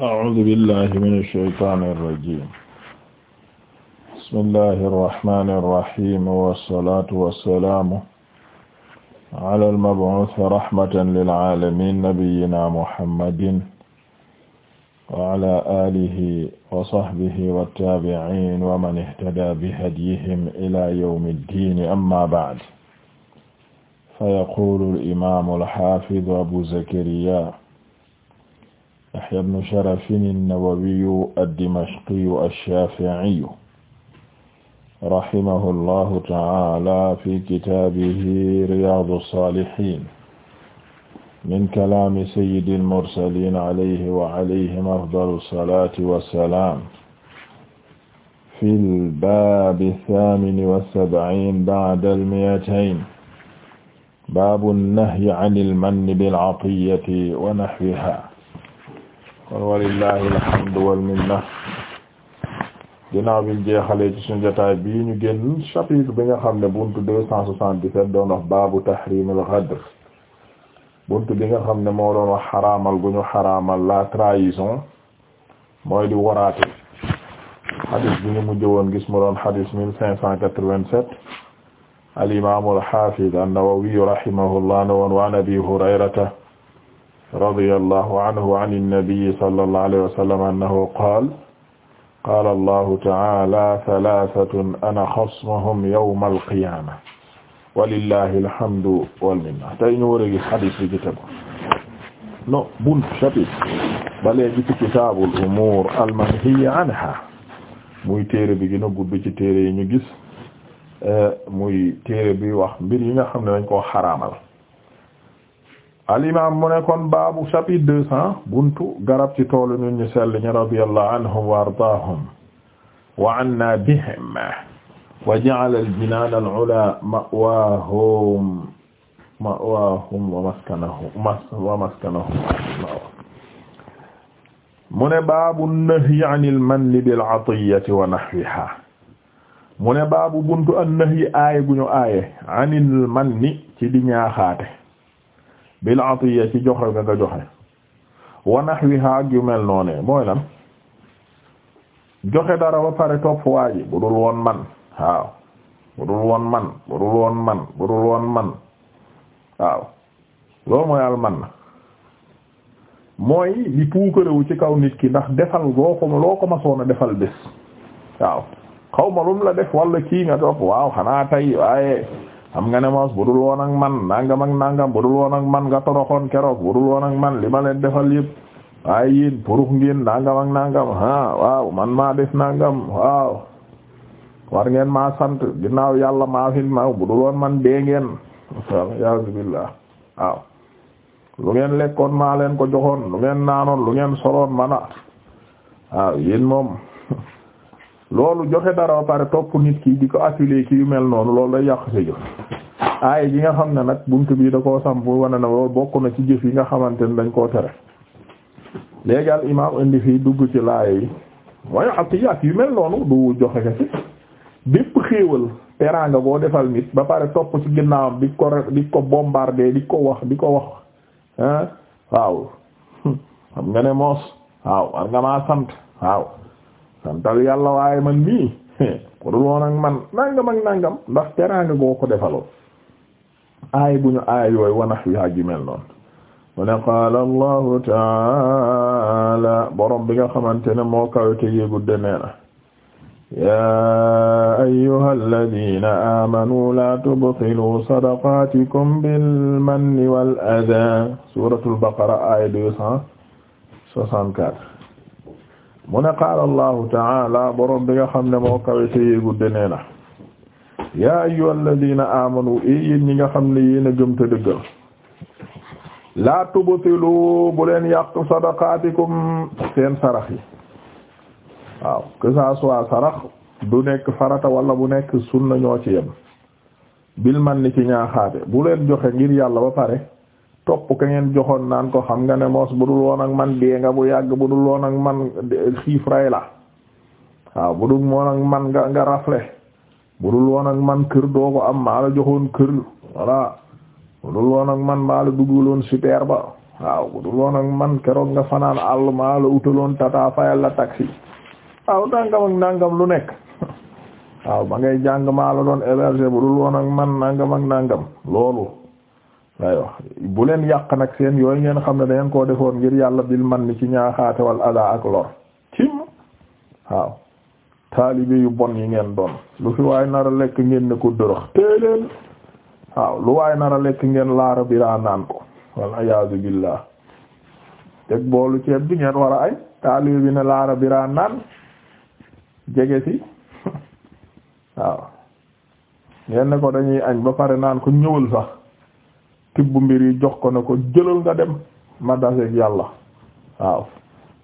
أعوذ بالله من الشيطان الرجيم بسم الله الرحمن الرحيم والصلاة والسلام على المبعوث رحمة للعالمين نبينا محمد وعلى آله وصحبه والتابعين ومن اهتدى بهديهم إلى يوم الدين أما بعد فيقول الإمام الحافظ أبو زكريا يحيى بن شرف النووي الدمشقي الشافعي رحمه الله تعالى في كتابه رياض الصالحين من كلام سيد المرسلين عليه وعليهم أفضل الصلاة والسلام في الباب الثامن والسبعين بعد المئتين باب النهي عن المن بالعطية ونحوها kon walillahi alhamdu wal minna ginnaaw bi jeexalee ci bii ñu génn chapitre bi nga xam ne buntu deux cent soixante-dix-sept doon wax baabu tahrimul ghadr buntu bi nga xam ne moo doon wax xaraamal gu ñu xaraamal la trahison mooy di waraate xadis bi mu mujj woon gis mu doon xadis mille cinq cent quatre-vingt-sept al imaamu al nawawi rahimahullah ne woon waan Abi Hurayrata radiyallahu anhu an an-nabi sallallahu alayhi wa sallam annahu qaala qaala allahu ta'ala thalathatun ana xasmuhum yawma al-qiyaama walillahi alhamdu wal minna tey ñu war a gis hadith bi ci tegu no bunt chapitre ba léegi ci kitaabul umuur al-manhiyya anhaa muy téere bi gën a gudd ci téere yi ñu gis eh, muy téere bi wax mbir yi nga xam ne dañ koo xaraamal al imam mu ne kon baabu chapitre deux cent buntu garab ci toolu ñun ñu sell ñi radiyallahu anhum wa ardaahum wa anna bihim wa ja'ala al jinaan al ula ma'waahum ma'waahum wa maskanahum wa maskanahum mu ne baabu nahyi anil manni bil atiyati wa nahwiha mu ne baabu buntu an nahyi aaye gu ñu aaye anil manni ci di ñaaxaate bil atiya ci joxe nga nga joxe wa nahwiha ak yu mel noonee mooy lan joxe dara ba pare topp waa ji bu dul woon man waaw bu dul woon man bu dul woon man bu man waaw loolu mooy al man mooy li puukarewu ci kaw nit ki ndax defal loo ko loo ko masoon a defal bés waaw xaw ma lum la def walla kii nga topp waaw xanaa tey waaye xam nga ne moos budul woon ak man nangam ak nangam budul woon ak man nga toroxoon keroog budul woon man li ma leen defal yëpp waaye yéen purux ngeen nangam ak nangam ah man maa def nangam war ngeen maa sant ginnaaw yàlla maa budul woon man dee ngeen alhamdulilah waaw lu ngeen lekkoon maa leen ko joxoon lu ngeen lu ngeen soloon mana waaw yéen moom. loolu joxe dara ba pare topp nit ki di ko acculé ki yu mel noonu loolu day yàq sa jëf aaya yi nga xam ne nag buntu bii da koo samp wane na loolu bokk na ci jëf yi nga xamante ne dañ koo tere léegi al indi fii dugg ci laaya yi waaye ak yu mel noonu du joxe ka ci bépp xéewal teraanga boo defal nit ba pare topp ci ginnaawam di ko di ko bombardé di ko wax di ko wax ah waaw xam nga ne moos waaw war nga maa sant waaw santal yàlla waaye man nii ko dul woon ak man nangam ak nangam ndax teraanga goo ko defaloo aay bu ñu aay yooyu wanax wi haj yu mel noonu mu ne qaala allahu taala borom bi nga xamante ne moo kawete yéegudde nee na yaa ayyuha alladina aamanu la tubtilu sadaqaatikum bilmanni wal adaa suratul baqara aaya deux cent soixante-quatre mu ne qaala allahu taala borom bi nga xam ne moo kawe te yéegudde nee na yaa ayyuha alladina amanu i yéen ñi nga xam ne yéen a gëm te dëggal laa tubtilu bu leen yàq sadaqaatikum seen sarax yi waaw que ça soit sarax du nekk farata wala bu nekk sunna ñoo ci yem bil man ni ci ñaaxaate bu leen joxe ngir yàlla ba pare topp ka ngeen joxoon naan ko xam nga ne moos bu dul woon ak man dee nga bu yàgg bu dul woon ak man xiif ray waaw bu dul woon man nga nga rafle bu dul woon man kër doo am maa la joxoon kër voilà bu dul woon man maa la dugaloon ba waaw bu dul woon ak man keroog nga fanaan àll maa la tata fayal la taxi waaw nangam ak nangam lu nekk waaw ba ngay jàng maa la doon héberger bu dul woon ak man nangam ak nangam loolu aywa bu leen yàq nag seen yooyu ngeen xam ne da ngeen koo defoon ngir yàlla bil man ni ci ñaaxaate wal ak lor cim waaw taalibe yu bon yi ngeen doon lu fi waaye nar lekk ngeen ne ko dërëx tée leen waaw lu waaye nar lekk ngeen laara biraa naan ko wal iyaazu billah teg boolu ceeb bi ngeen war a ay taalibe bi ne laara biraa naan jege si waaw ngeen ne ko dañuy añ ba pare naan ko ñëwul sax tibb mbir yi jox ko ne ko jëlal nga dem ma yàlla waaw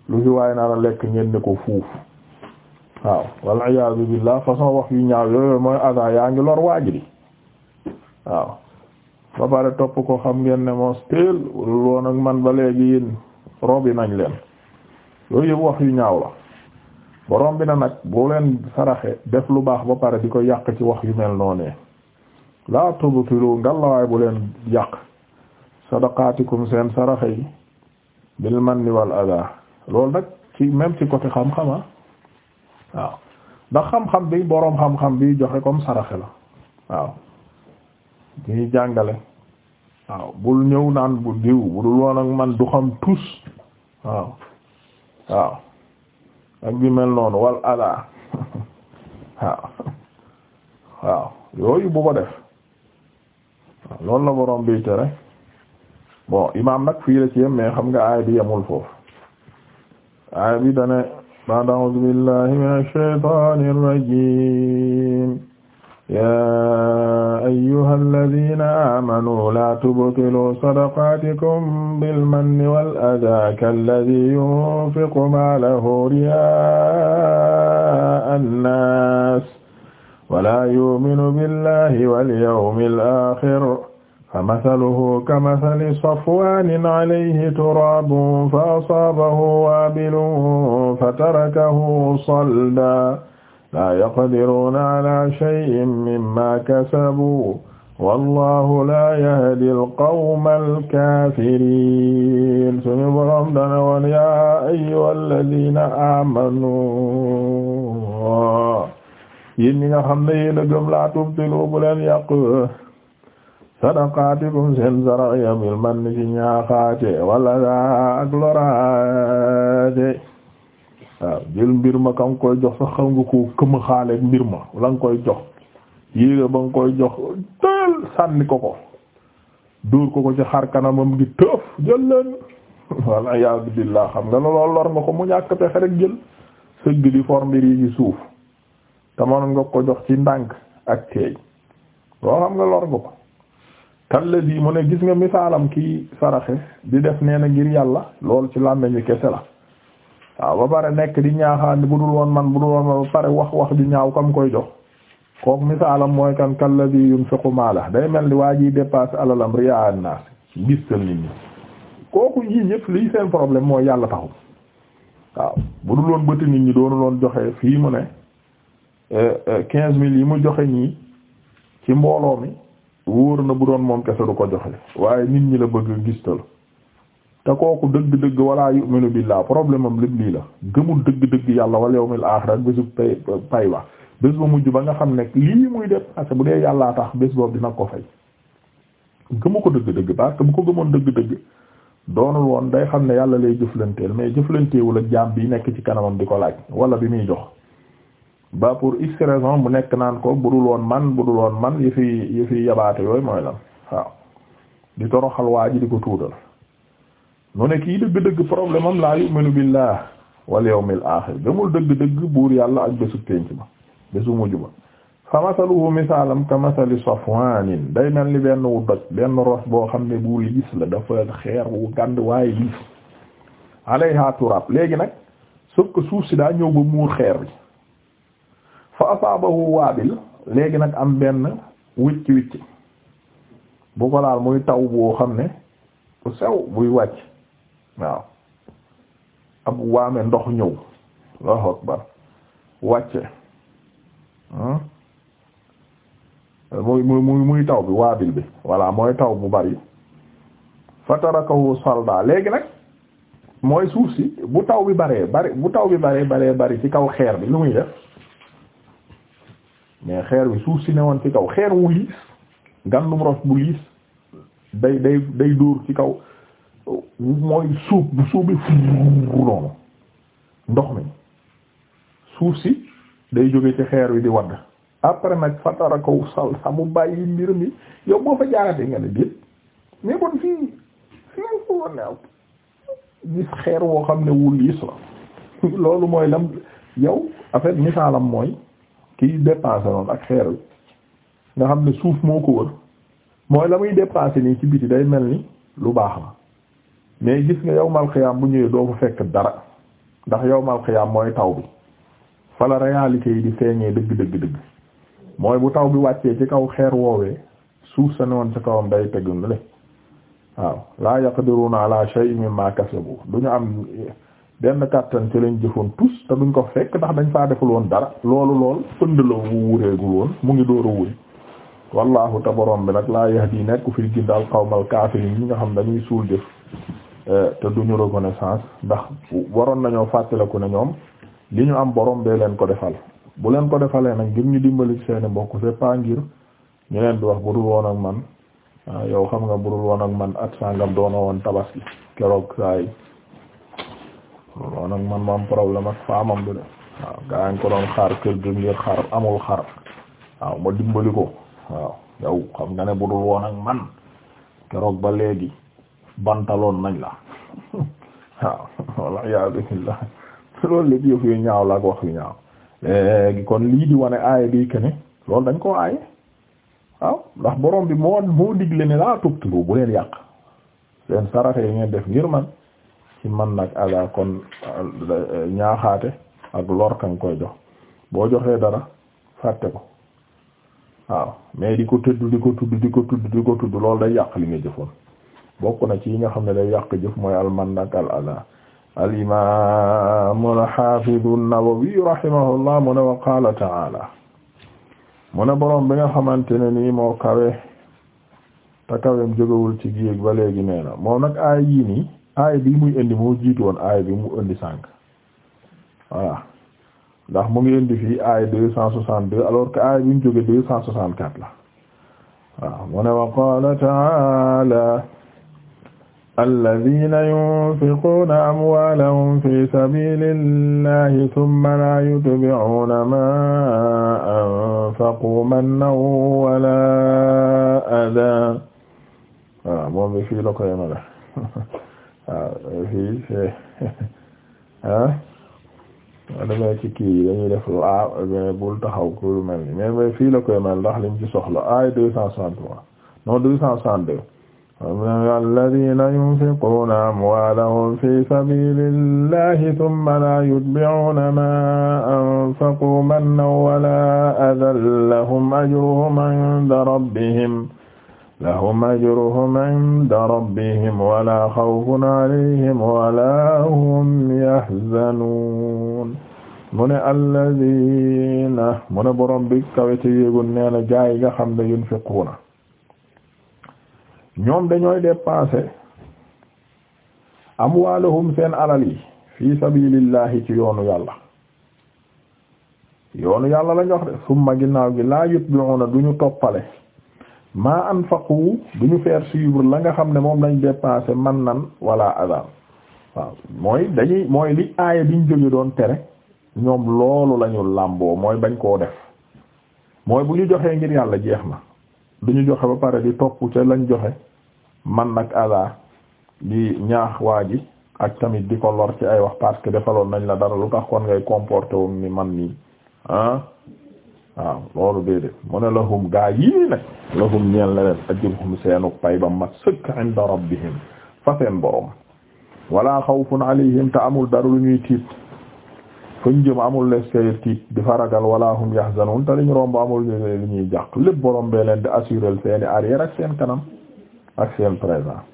lu fi waaye na la lekk ngeen ne ko fuuf waaw wal iyaazu billaah façon wax yu ñaaw yooyu mooy adaa yaa ngi lor waaj di waaw ba pare topp ko xam ngeen ne moos teel loon ak man ba léegi yéen robi nañ leen yooyu yëpp wax yu ñaaw la borom bi na nag boo leen saraxe def lu baax ba pare di ko yàq ci wax yu mel noonee la tubtilu ngallawaay bu leen yàq sadaqaatikum seen saraxa yi bil manni wal adaa loolu nag ci même ci côté xam-xama ah, waaw ndax xam-xam bi boroom xam-xam bi joxe comme saraxe la waaw ñuy jàngale waaw bul ñëw naan bu diw bu dul woon ak man du xam tus waaw waaw ak bi mel noonu wal adaa waaw yooyu bu ko def waaw loolu la borom bi tere bon imaam nag fii la ci yem mais xam nga aaya bi yemul foofu aaya bi dane ba'da a'uuzu billahi minash shaytaanir rajiim yaa ayyuhal ladiina aamanuu laa tubtiluu sadaqaatikum bil manni wal adaa kalladii yunfiqu maalahu riyaa an-naas wala yuminu billahi wal yawmil axir fa masaluhu kamasali safwanin alayhi turaabun fa asaabahu waabilun fatarakahu saldan laa yaqdiruuna alaa shay'in mimmaa kasabuu wallaahu laa yahdil qawmal kaafiriin suñu boroom dana woon yaa ayyuhal laziina aamanuu yéen ñi nga xam ne yéen a gëm laa tubtilu bu leen yàq sadaqaatikum seen sarax ya bil man ci ñaaxaate wala daa ak loraate waaw jël mbir ma ka koy jox sax xam nga ko këma xaaleeg mbir ma la nga koy jox yéega ba nga koy jox tël sànni ko ko dóor ko ko ci xar kanamam gi tëf jël leen wala yaa billah xam nga ne lor nga ko mu ñàkk pexe rek jël sëgg di for yi ci suuf te mënoon nga ko jox ci ndànk ak teey loo xam nga lor nga ko talla mu ne gis nga misaalam kii saraxe di def nee ngir yàlla lool ci làmmeñu kese la waaw ba pare nekk di ñaaxaan bu dul woon man bu dul woon ba pare wax wax ju ñaaw kam koy jox kook misaalam mooy kan kalla bi yunfiqu maala day mel ni waa jiy dépasse alalam riyaa an-naas nit ñi kooku yii yëpp liy seen problème mooy yàlla taxu waaw bu dul woon bëti nit ñi doonu loon joxe fii quinze mille yi mu joxe nii ci mbooloo mi wóor na bu doon moom kese du ko joxe waaye nit ñi la bëgg gistal te kooku dëgg-dëgg wala yu'minu billah problème am lépp lii la gëmul dëgg-dëgg yàlla wal yawmil aaxira bésu pay pay wa bés ba mujj ba nga xam ne lii muy def parce bu dee yàllaa tax bés boobu dina ko fay gëmu ko dëgg-dëgg parce que bu ko gëmoon dëgg-dëgg doonul woon day xam ne yàlla lay jëflanteel mais jëflanteewul ak jaam bi nekk ci kanamam di ko laaj wala bi muy jox ba pour x bu nekk naan ko budul woon man budul woon man yëfi fi yabaate yooyu mooy lan waaw di toroxal waa ji di ko tuudal nu ne kii dëgg-dëgg problème am laa yu'minu billah wal yawmil aaxir gëmul dëgg-dëgg buur yàlla ak bésu pénc ba bésu mujj ba fa masaluhu misaalam ka masali safwaanin day mel ni benn wu doj benn ros boo xam ne bu liis la dafa xeer wu gànd waaye liis alayha turab léegi nag sauf que suuf si daa ñëw ba muur xeer fa asaabahu waabil léegi nag am benn wicc wicc bu ko laal muy taw boo xam ne bu sew buy wàcc waaw ab waame ndox ñëw Allahu akbar wàcce hmm? muy muy muy taw bi waabil bi voilà mooy taw bu bari fa tarakahu salda léegi nag mooy suuf si bu taw bi baree bari bu taw bi baree baree bari ci kaw xeer bi lu muy def mais xeer bi suuf si newoon ci kaw xeer wu liis ngandum roc bu liis day day day dóor ci kaw mooy suuf bu suubi fuur noonu ndox mi suuf si day jóge ci xeer wi di wadd après nag fatara ko sal sa mu bàyyi mbir mi yow boo fa jaarate nga ne déet mais fii fii ko woon ne gis xeer woo xam ne wu liis la loolu mooy lam yow en misaalam mooy kii dépensé noonu ak xeer wi nga xam ne suuf moo ko wër mooy la muy dépensé nii ci biti day mel ni lu baax la mais gis nga yawmal xiyaam bu ñëwee doo fekk dara ndax yawmal xiyaam mooy taw bi fa la yi di feeñee dëgg dëgg dëgg mooy bu taw bi wàccee ci kaw xeer woowee suuf sa noon sa kawam day tegu ne waaw laa yaqdiruna ala shay'in mimma kasabu duñu am benn kàttan ci lañ jëfoon tous te duñ ko fekk ndax dañ faa deful woon dara loolu lool pënd la wu wureegul woon mu ngi door a wuñ wallaahu te borom bi nag laa yahdi nekk fi fil gindal qawmal kaafiriin ñi nga xam dañuy suul jëf eh, te duñu reconnaissance ndax waroon nañoo fàttaliku ne ñoom li ñu am borom bee leen ko defal bu leen ko defalee nag ngir ñu dimbali seeni mbokk c'est pas ngir ñu leen di wax budul woon ak man ah, yow xam nga budul woon ak man at sangam doona woon tabaski keroog saa loolu nag man ma am problème ak faamam bi de waaw gaa ngi ma dimbali ko xam nga ne budul woon ak man keroog ba léegi bantaloon nañ la waaw la ak wax yu ñaaw léegi kon lii di wane aaya bi loolu dañ koo aaye waaw ndax boroom bi moo moo digle ne laa tubtilu bu leen yàq seen sarax yi ngeen def ngir man. ci man nag ala kon euh, ñaaxaate ak lor kañ koy jox boo joxee dara fàtte ko waaw mais di ko tudd di ko tudd di ko tudd di day yàqli nga jëfoon bokk na ci yi nga xam ne day yàq jëf mooy al man nag al ala al imam al hafiz an-Nawawi rahimahullah mu ne wa qaala ta'ala mu ne boroom bi nga xamante ne nii moo kawe te kawem jógawul ci géej ba léegi nee moom nag aay yii nii aaya bi muy indi moo jiitu woon aaya bi mu indi sànq voilà ndax mu ngi indi fii aaya deux cent soixante deux alors que aaya bi ñu jóge deux cent soixante quatre la waaw mu ne wa qaala ta'aala alladhiina yunfiquuna amwaalahum fi sabiilillahi thumma laa yutbi'uuna maa anfaquu mannan walaa adhaa voilà moom bi fii la koy yemale Ah, ah, waaw fii c'est ah damay ci kii yi dañuy def laa bul taxaw ku lu mel ni mais mais fii la koy mel ndax liñ ci soxla ay deux cent soixante-trois non deux cent soixante-deux alladhina yunfiquna amwalahum fi sabilillahi thumma la yutbi'una ma anfaqu mannan wala adhan lahum ajruhum 'inda rabbihim lahum ajruhum inda rabbihim wala xawfun alayhim wala hum yahzanuun mu ne alladina mu ne borom bi kawe ci yéegun nee na yi nga xam ne yunfiquuna ñoom dañooy dépenser amwaalahum seen alal yi fi sabilillahi ci yoonu yàlla yoonu yàlla la ñu de summa ginnaaw gi laa yutbi'uuna duñu toppale maa anfaqu duñu faire suivre la nga xam ne moom lañ dépensé man nan wala azar waaw mooy dañuy mooy li aaya biñ jóge doon tere ñoom loolu lañu làmboo mooy bañ koo def mooy bu ñu joxee ngir yàlla jeex na duñu joxe ba pare di topp ca lañ joxe man nag azar di ñaax waa ji ak tamit di ko lor ci ay wax parce que defaloon nañ la dara lu tax kon ngay comporté wu ni man nii ah? waaw loolu déedéet mu ne lahum gaa yii nag lahum ñeel na leen ajruhum seenu pay ba mat sëkk inda rabbihim fa seen borom wala xawfun alayhim te amul dar lu ñuy tiit fuñ jëm amul les kay di fa ragal wala hum yahzanun te liñ romb amul lu ñuy jàq lépp borom bee leen di assurer seeni arrière ak seen kanam ak seen présent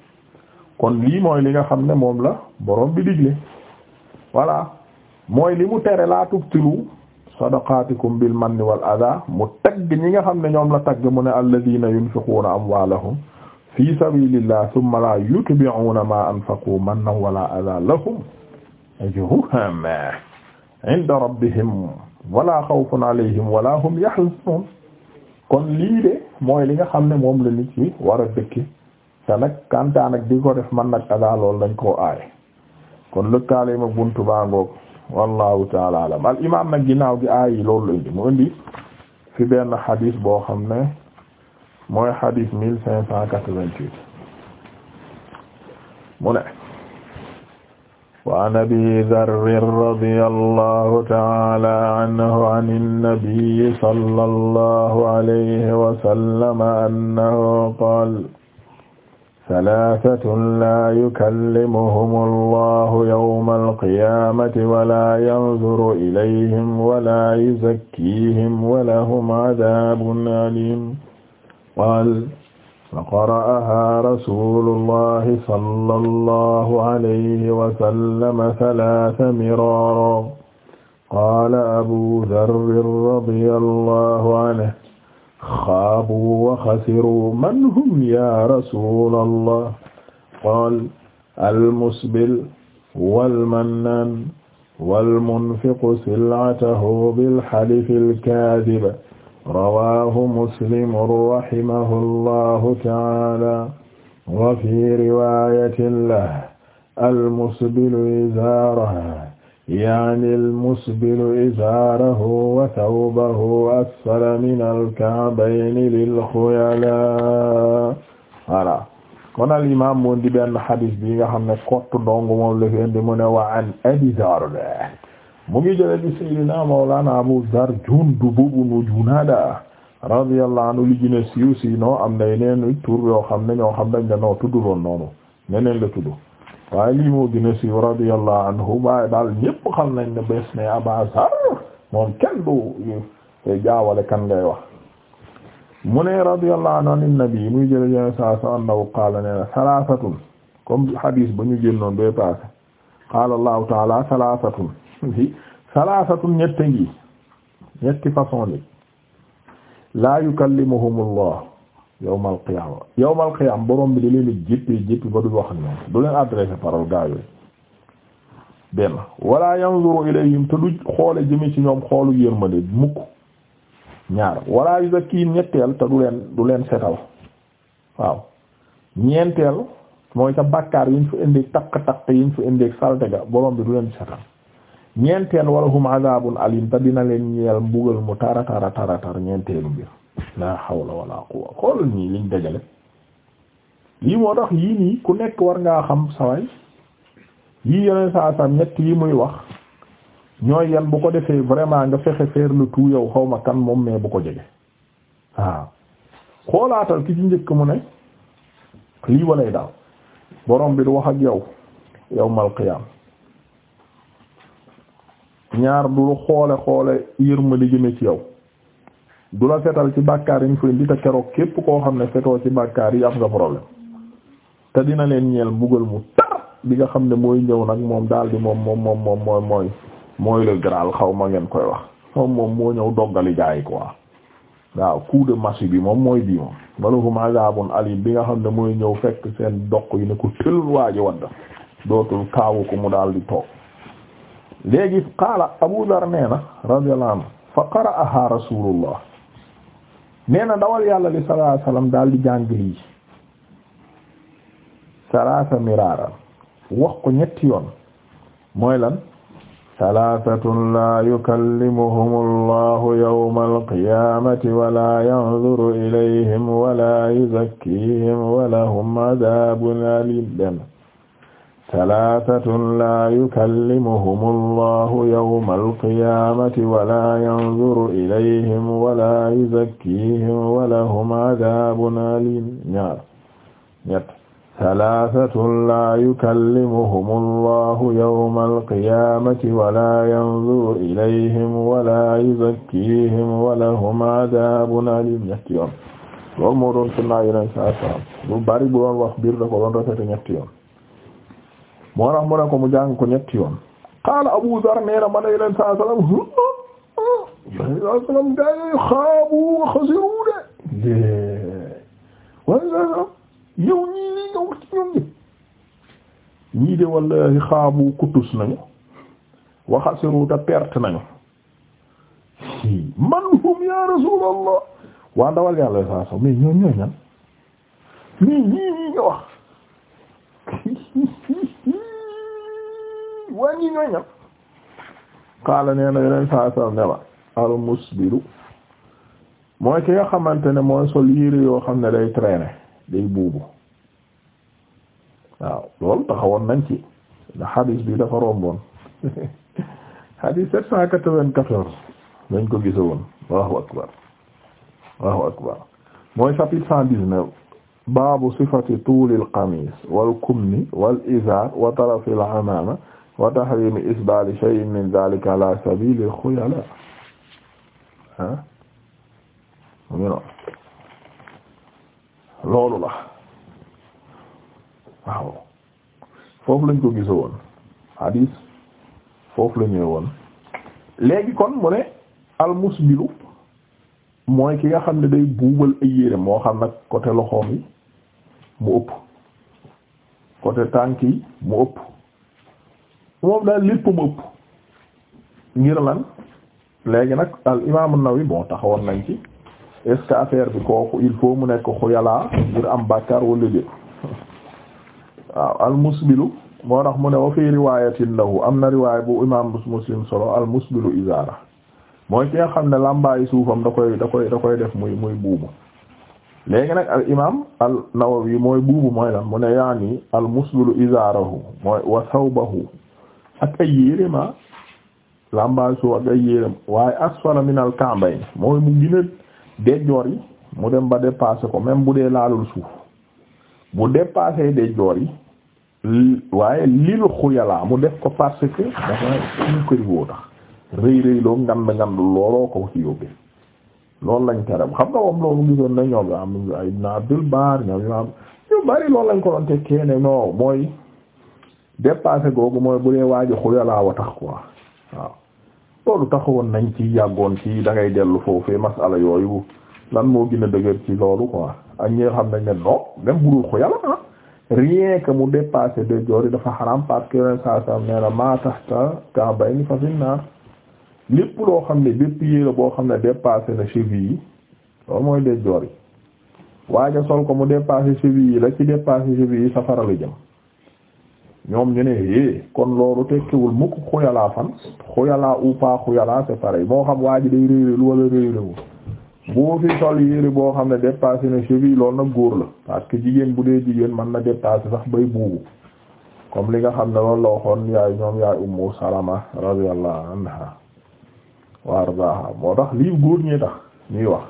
kon lii mooy li nga xam ne moom la borom bi digle voilà mooy li mu tere laa tubtilu sadaqaatikum bil manni wal adaa mu tagg ñi nga xam ne ñoom la tagg mu ne alladina yunfiquuna amwaalahum fi sabilillah thumma la yutbi'una ma anfaqu mannan wala adaa lahum ajruhum inda rabbihim wala xawfun alayhim wala hum yahzanun kon lii de mooy li nga xam ne moom la nit ci war a dëkki te nag kantaan ak di ko def man nag adaa lool dañ koo aay kon lëkkaale ma buntu baa ngoog wallahu taala alam al imam nag ginnaaw gi aay yi loolu la indi mu indi fi benn xadis boo xam ne mooy xadis mille cinq cent quatre-vingt-huit mu ne wa an abi darrin radiyallahu taala anhu an an-nabi sallallahu alayhi wa sallam annahu qaala salaasatun laa yukallimuhumu allahu yawma alqiyaamati wala yanzuru ilayhim wala yuzakkiihim walahum cadaabun aliim qaala faqara'ahaa rasuulullahi sallallahu alayhi wa sallama salaasa miraaran qaala abuu darrin radiyallahu anhu xaabu wa xasiru man hum ya rasulallah qaal almusbil walmannaan walmunfiqu silatahu bilxalifi alkaadib rawahu muslimun rahimahu allahu taala wa fi riwayatin lahu almusbilu izaarahu yaani almusbilu izaarahu wa tawbahu asfala min alkaabayni lilxuyala voilà kon al imam moom di benn xadis bi nga xam ne kottu ndong moom la fi indi mu an abi Darr mu ngi jële di sayyidina mawlana Abu Darr Jundub ibn Junaada radiyallahu anhu li gëna siiw si noo na yeneen tur yoo xam ne ñoo xam dañ danoo tudd loon waaye lii moo gën a siiw waaye daal ñépp xam nañ ne bés ne Aba Zar moom kenn du jaawale kan wax mu ne radiyallahu anhu an nabi muy jële jële saa sa annahu qaala nee na comme hadis ba ñu génnoon bee passé qaala allahu taala salaasatun salaasatun ñett ngi ñetti façon ni la yukallimuhumullah yawmal qiyaama yawmal qiyaama borom bi da leen a jéppi jéppi ba du wax ak ñoom du leen adressé parole gaa yooyu benn wala yanzuru ilayhim te du xoole jëme ci ñoom xoolu yërmande mukk ñaar wala kii ñetteel te du leen du leen setal waaw ñeenteel mooy sa bakkaar yi ñu fa indi takk-takk yi fu fa indi salte ga borom bi du leen setal ñeenteel wala hum azabun alim te dina leen ñeel mbugal mu tara tara tara tar ñeenteelu mbir la hawla wala quwwa xoolal nii liñ dajale lii moo tax yii nii ku nekk war ngaa xam saway yii yeneen saa saa ñett yi muy wax ñooy yan bu ko defee vraiment nga fexe faire le tout yow xaw ma kan moom mais bu ko jege waaw xoolaatal ki ci njëkk mu ne lii walay daal borom bi du wax ak yow yawmal qiyaam ñaar du xoole xoole yërmande jëme ci yow du la fetal ci bàkkaar yi mu fi indi keroog képp koo xam ne fetoo ci bàkkaar yi am nga problème te dina leen ñeel mbugal mu tar bi nga xam ne mooy ñëw nag moom daal moom moom moom mooy mooy mooy le graal xaw ma ngeen koy wax moom moom moo ñëw doggali jaay quoi waaw coup de marché bi moom mooy bii moom walahum azabun alim bi nga xam ne mooy ñëw fekk seen doq yi ne ko tël waa ji wadda dootul kaawu ko mu daal di toog léegi qaala Abu Dar nee na radiyallahu nee na ndawal yàlla li sallallahu alayhi wasallam daal di jàng yi salaasa miraaran wax ko ñetti yoon mooy lan salaasatun laa yukallimuhumu allahu yawma alqiyamati wala yanzuru ilayhim wala yuzakkihim walahum adabun alim talaatatun laa yukallimuhumu allahu yawma alqiyaamati wala yanzuru ilayhim wala yuzakkiihim walahum adaabun aliim ñaar ñett talaatatun laa yukallimuhumu allahu yawma alqiyaamati wala yanzuru ilayhim wala yuzakkiihim walahum adaabun aliim ñetti yoon loolu moo doon sunnaa Yonent saa salaam lu bari bu doon wax biir da ko doon rafet ñetti yoon moo tax mu ne ko mu jàng ko ñetti yoon qaala Abu Dharr nee na ma ne leen saa salaam saa xaabu wa de waaye saa salaam yow ñii nii nga wax ci ñoom ñi ñii de wallahi xaabu kutus nañu wa te perte nañu man hum ya rasulallah waa ndawal yàlla saa salaam mais ñoom ñooy ñan ñii ñii ñii nga wax waa ñi ñooy ñam nee na yeneen saa saa ne la al mooy ki nga xamante ne mooy sol yére yoo xam ne day traîner day buubu waaw loolu taxawoon nañ ci ndax xadiis bi dafa romboon xadiis sept cent quatre-vingt-quatorze dañ ko gisoon Allahu akbar Allahu akbar mooy chapitre cent dix-neuf baabu sifati tuulil qamis wal kummi wa tarafil amama wa tahrimi isbali shay'in min dhalika ala sabili al-khuyala ah loolu la waaw foofu lañ ko gise woon hadis foofu la ñëw woon léegi kon mu ne almusbilu mooy ki nga xam ne day buubal ay yére moo xam nag côté loxoom yi mu ëpp côté tànk yi mu ëpp moom daal lépp mu ngir lan léegi nag al imaam an-Nawawi bon taxawoon nañ ci est-ce que affaire bi kooku il faut mu nekk xuyalaa ngir am bàkkaar wala déet waaw al-musbilu moo tax mu ne wa fii riwaayatin lahu am na riwaay bu imaam Muslim solo al-musbilu izaara mooy ki nga xam ne làmbaayu suufam da koy da koy da koy def muy muy buubu léegi nag al imaam an-Nawawi mooy buubu mooy lan mu ne yaani al-musbilu izaarahu mooy wa thawbahu ak ay yéreem ah lambay ak ay yéreem waaye asfala minal ka'bayn mooy mu gën a yi mu dem ba dépassé ko même bu dee laalul suuf bu dépassé déjjoor yi waaye lil xuyalaa mu def ko parce que dafa suukari boo tax rëy rëy loo ngand looloo ko ci yóbbee loolu lañ tere xam nga moom loolu gisoon na ñoom am ay Ibn Abdul Bar ñoom ñu bari loolu lañ ko doon tekkee ne non mooy. dépassé googu mooy bu dee waa ji xuyalaa tax quoi waaw loolu woon nañ ci yàggoon ci da ngay dellu foofee masala yooyu lan moo gën a dëgër ci loolu quoi ak ñi xam nañ ne non même bu dul xuyala ah. rien que mu dépassé de joori dafa xaram parce que saa saa nee maa tax ta temps bay ni fa fi naar lépp loo xam ne bépp yére boo xam ne dépassé na cheville yi loolu mooy de joori waaja sol ko mu dépassé cheville yi la ci dépassé cheville yi safara la jëm. ñoom ñu ne eh, kon loolu tekkiwul mukk xuyalaa fan xuyalaa ou pas xuyalaa c'est pareil moo xam waa ji day réeréelu wala réeréewul boo fi sol yére boo xam ne dépassé na cheville loolu nag góor la parce jigéen bu dee jigéen man na dépassé sax bay buubu comme li nga xam ne loolu la waxoon yaay ñoom yaay ummu salama radiyallahu anha wa ardaha moo tax lii góor ñi tax ñuy wax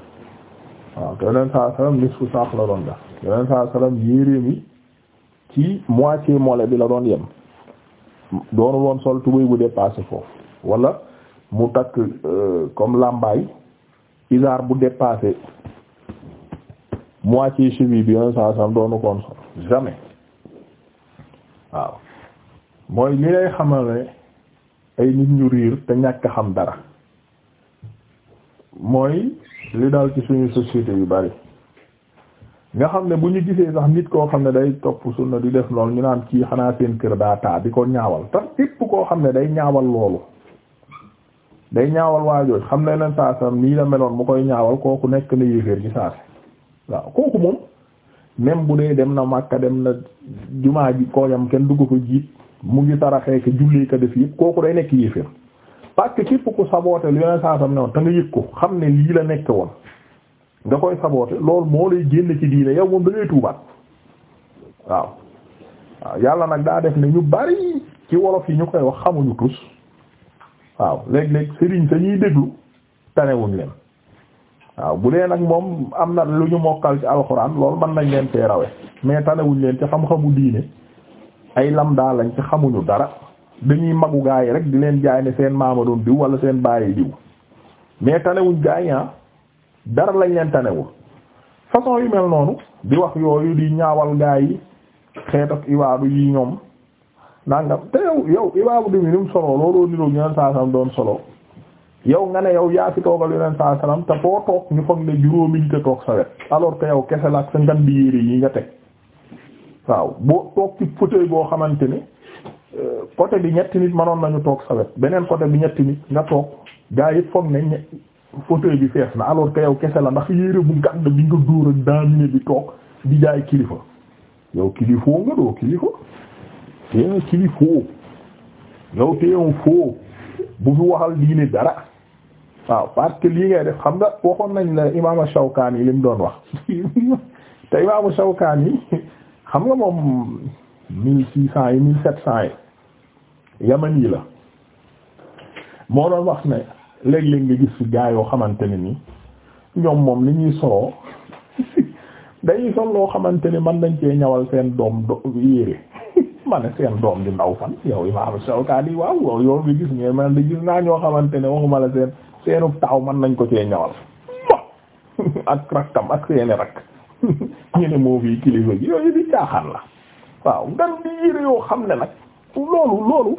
waaw te yeneen saa salaam nisfu saq la doon def yeneen salaam yére mi ci moitié mollet bi la doon yem doonu woon sol tubéy bu dépassé foofu wala mu takk euh, comme làmbaay isaar bu dépassé moitié cheville bi yoon saa sam doonu koon sol jamais waaw mooy li lay xamale ay nit ñu riir te ñàkk xam dara mooy li dal ci suñu société yu bari nga xam ne bu ñu gisee sax nit koo xam ne day topp sunna di def lool ñu naan kii xanaa seen kër daa taa di ko ñaawal te képp koo xam ne day ñaawal loolu day ñaawal waajooj xam ne na saa sam nii la meloon mu koy ñaawal kooku nekk na yéeféer ci saase waaw kooku moom même bu dee dem na Makka dem na jumaa ji kooyam kenn dugg ko jiit mu ngi taraxee ko julli ko def yëpp kooku day nekk yéeféer parce que képp ku saboote lu yeneen saa sam ne woon te nga yëg xam ne lii la nekk woon nga koy saboote loolu moo lay génn ci diine yow moom da ngay tuubaat waaw waaw yàlla nag daa def ne ñu bari ci wolof yi ñu koy wax xamuñu tus waaw léeg-léeg sëriñ sa ñuy déglu tanewuñ leen waaw bu dee nag moom am na lu ñu mokkal ci alxuraan loolu mën nañ leen fee rawe mais tanewuñ leen ci xam-xamu diine ay lam daa lañ ci xamuñu dara dañuy magu gaa yi rek di leen jaay ne seen maama doon diw wala seen bàyyi diw mais tanewuñ gaa yi ah dara lañ leen tanewul façon yu mel noonu di wax yooyu di ñaawal gaa yi xeet ak yi ñoom nangam te yow yow ibaadu di mu solo looloo niroo ñu leen saa salaam doon solo yow nga ne yow yaa fi toogal yu leen saa salaam te foo toog ñu foog ne juróomi di te toog sa wet alors que yow kese la ak sa ngan bi yére yi nga teg waaw boo toog ci fauteuil boo xamante ni euh, côté bi ñetti nit mënoon nañu toog sa wet beneen côté bi ñetti nit nga toog gaa yi foog fauteuil bi fees na alors que yow kese la ndax yére bu gàdd bi nga dóor ak daamine bi toog di jaay kilifa yow kilifoo nga doo kilifa tee kilifoo yow teewoon foo bu fi waxal diine dara waaw parce que lii ngay def xam nga waxoon nañ la imaam Shawkaani li mu doon wax te imaam Shawkaani xam nga moom mille six cents yi mille sept cents yi yaman yi la moo doon wax ne léeg-léeg nga gis ci gaa yoo xamante ne ni ñoom moom li ñuy soloo dañuy sol loo xamante ni mën nañ cee ñawal seen doom do yére ma seen doom di ndaw fan yow imam Shawkani waaw yow yow bi gis ngeen man di gis naa ñoo xamante ne waxuma la seen seenu taxaw man nañ ko cee ñawal ak rakkam ak seeni rakk ñu ne moo fi kilifa gi yooyu di caaxaan la waaw ngan di yére yoo xam ne nag loolu loolu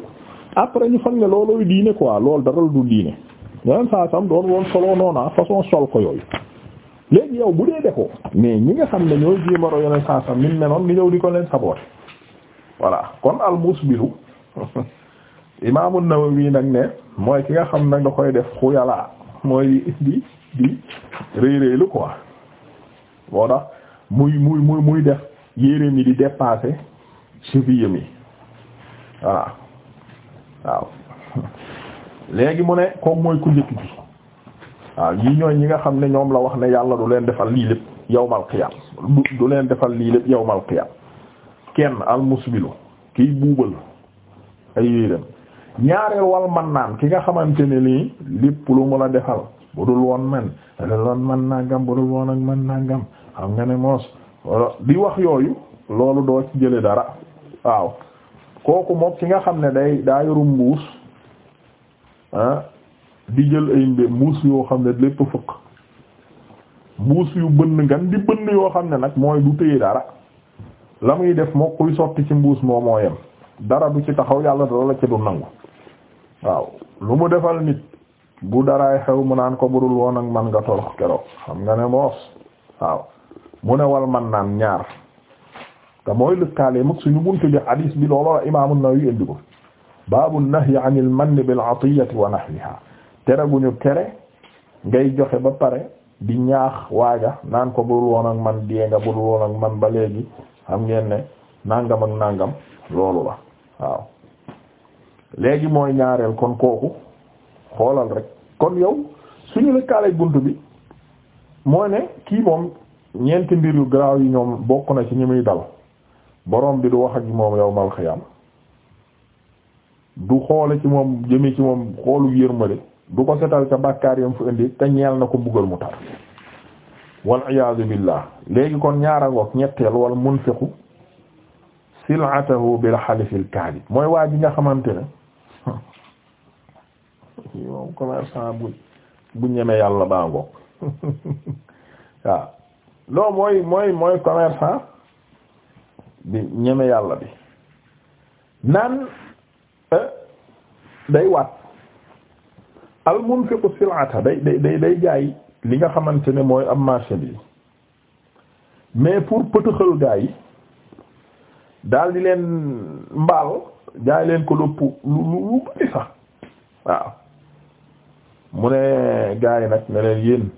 après ñu xam ne loolooy diine quoi loolu dara du diine yeneen saa sam doon woon solo noona façon sol ko yooyu léegi yow bu dee defoo mais ñi nga xam ne ñooy jéemaro yeneen saa sam ni mu mel noonu ni di ko leen saboote voilà kon almusbihu Imaam An-Nawawi nag ne mooy ki nga xam nag da koy def xuyala mooy di di rëy rëylu quoi moo tax muy muy muy muy def yéreem yi di dépasser cheville mi voilà waaw léegi mu ne comme mooy ku njëkk bi waaw ñii ñooy ñi nga xam ne ñoom la wax ne yàlla du leen defal lii lépp yawmal qiyaam du leen defal lii lépp yawmal qiyaam kenn almusbilu kiy buubal ay yéeréem ñaareel wal man naan ki nga xamante ne nii lépp lu mu la defal bu dul woon man dul woon man nangam bu dul woon ak man nangam xam nga ne moos di wax yooyu loolu doo ci jële dara waaw kooku moom ki nga xam ne day daa yorum mbuus ah di jël ay mbé mbuus yoo xam ne lépp fëkk mbuus yu bënn ngan di bënn yoo xam ne nag mooy du téye dara la muy def moo kuy sotti ci mbuus moo moo yem dara bu ci taxaw yàlla dara la ci du nangu waaw lu mu defal nit bu daraay xew mu naan ko budul woon ak man nga torox keroog xam nga ne moos waaw mu ne wal man naan ñaar te mooy lëkkaale mag suñu buntu bi hadis bi looloo la Imaam an indi ko baabu nahyi anil manni bil atiyati wa nahwiha tere gu ñu tere ngay joxe ba pare di ñaax waaja naan ko budul woon ak man dee nga budul woon ak man ba léegi xam ngeen ne nàngam ak nangam loolu la waaw léegi mooy ñaareel kon kooku xoolal rek kon yow suñu la kaale bunt bi mooy ne kii moom ñeenti mbir yu garaaw yi ñoom bokk na ci ñi muy dal borom bi du wax ak moom yow mal xiyam du xoole ci moom jëmee ci moom xoolu yërmale du ko setal ca bàkkaar yam fu indi te ñeel na ko mbugal mu tar wal iyaazu billah léegi kon ñaara ngoog ñetteel wal munfiqu silatahu bil xalifil kaadib mooy waa ji nga xamante ne yow commerçant bu ñeme yàlla baa ngoog waaw non mooy mooy mooy commerçant bi ñeme yàlla bi naan day waat al munfiqu silata day day day day jaay li nga xamante ne mooy am marché bi mais pour pëtëxal gaa yi daal di leen mbaal jaay leen ko lëpp lu lu lu sax waaw mu ne gaa yi nag ne leen yéen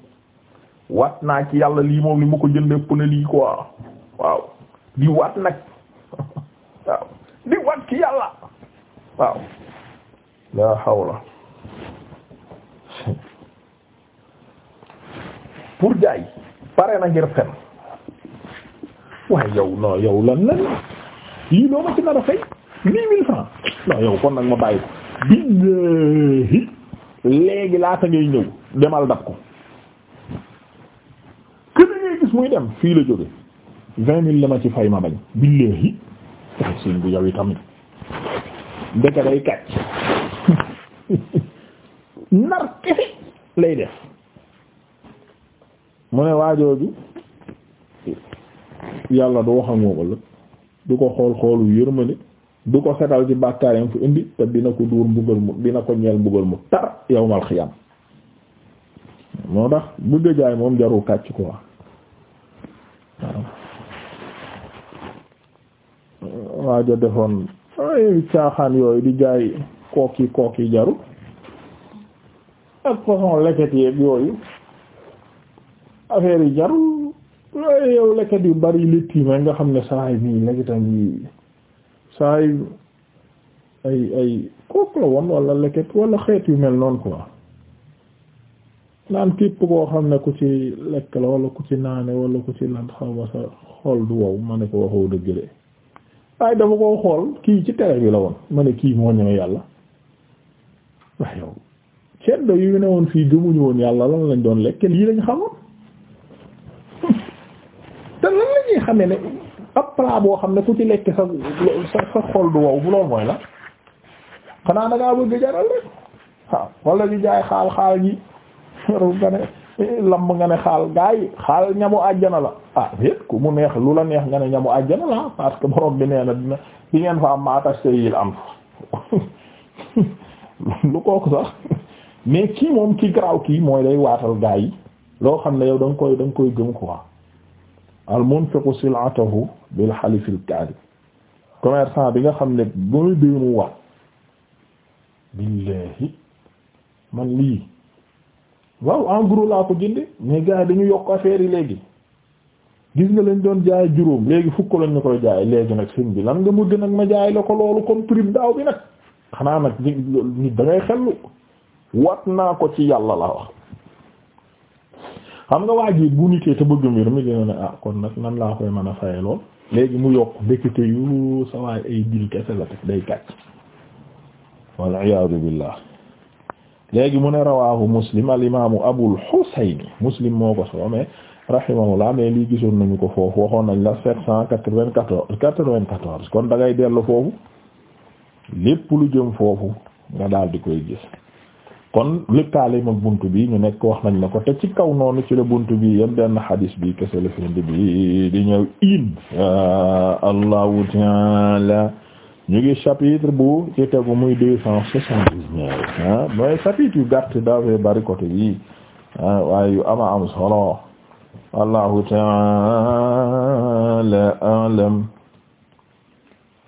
waat naa ci yàlla lii moom li ma ko jëndee pëne lii quoi waaw di waat nag waaw di waat ci yàlla waaw la hawla pour jaay pare na ngir fen waaye yow non yow lan lan lii loo ma ci nar a fay dix mille francs non kon nag ma bàyyi ko billahi léegi laata ngay ñëw demal dab ko kër ngay gis muy dem fii la jóge vingt mille la ma ci fay ma bañ billahi seen bu yow yi tamit ndeke day kàcc nar kese lay def mu ne waajooju yàlla du wax ak moom ëllëg du ko xool xoolu yërmande du ko setal ci bàkkaaram fu indi te dina ko duur mbugal mu dina ko ñeel mbugal mu tar yawmal xiyaam moo tax bëgg jaay moom jarul kàcc ko wax waaw defoon ay caaxaan yooyu di jaay kooki kooki jaru ak façon leket yeeg yooyu affaire yi jaru yooyu yow leket yu bari litti ma nga xam ne saay mii leketam yi saay ay ay kook la woon wala leket wala xeet yu mel noonu quoi naan képp koo xam ne ku ci lekk la wala ku ci naane wala ku ci lan xaw ma sa xol du wow ma ne ko waxoo dëgg de waaye dama koo xool kii ci tere bi la woon ma ne kii moo ñëw yàlla wax yow ceddo yu ne woon fii gëmuñu woon yàlla lan lañ doon lekk lii lañ xamoon te lan la ñuy ne ab plat boo xam ne ku ci lekk sa sa xol du wow bu loolu mooy la xanaa da ngaa bëgg jaral rek waaw wala di jaay xaal xaal ji yoru nga ne lamb xaal gaa yi xaal ñamu àjjana la ah déet ku mu neex lu la neex nga ne ñamu àjjana la parce que borom bi nee na dina di ngeen fa am maata sey yil am lu kooku sax mais kii moom kii garaaw kii mooy day waatal gaa yi loo xam ne yow da nga koy da nga koy gëm quoi al munfiqu silatahu bil halifil kadib commerçant bi nga xam ne mooy mu wax billahi man lii waaw en laa ko jënd mais gars yi dañu yokk affaire yi léegi gis nga lañ doon jaay juróom léegi fukk lañ ñu koy jaay léegi nag sëñ bi lan nga mu gën ma jaay la ko loolu comme prime daaw bi nag xanaa nag nit da ngay xellu wat naa ko ci yàlla la wax xam nga waa ji bu nitee te bëgg mbir mi dina ne ah, kon nag nan laa koy mën a faye lool léegi mu yokk ndekete yu sa waay ay dil kese la teg day kàcc wal iyaadu billah léegi mu ne rawaahu muslim al imaamu abul xusayni muslim moo ko soo mais rahimahullah mais lii gisoon nañu ko foofu waxoon nañ la sept cent quatre-vingt-quatorze quatre-vingt-quatorze kon da ngay dellu foofu lépp lu jëm foofu nga daal di koy gis kon lëkkaale mag bunt bi ñu nekk wax nañ ne ko te ci kaw noonu ci la bunt bi yem benn xadis bi kese la findi bi di ñëw inshaa allahu taala ñu ngi chapitre bu ci tegu muy deux cent soixante-dix-neuf ah mooy chapitre yu gàtt dafay bari côté yi ah, waaye yu ama am solo wallahu taala alam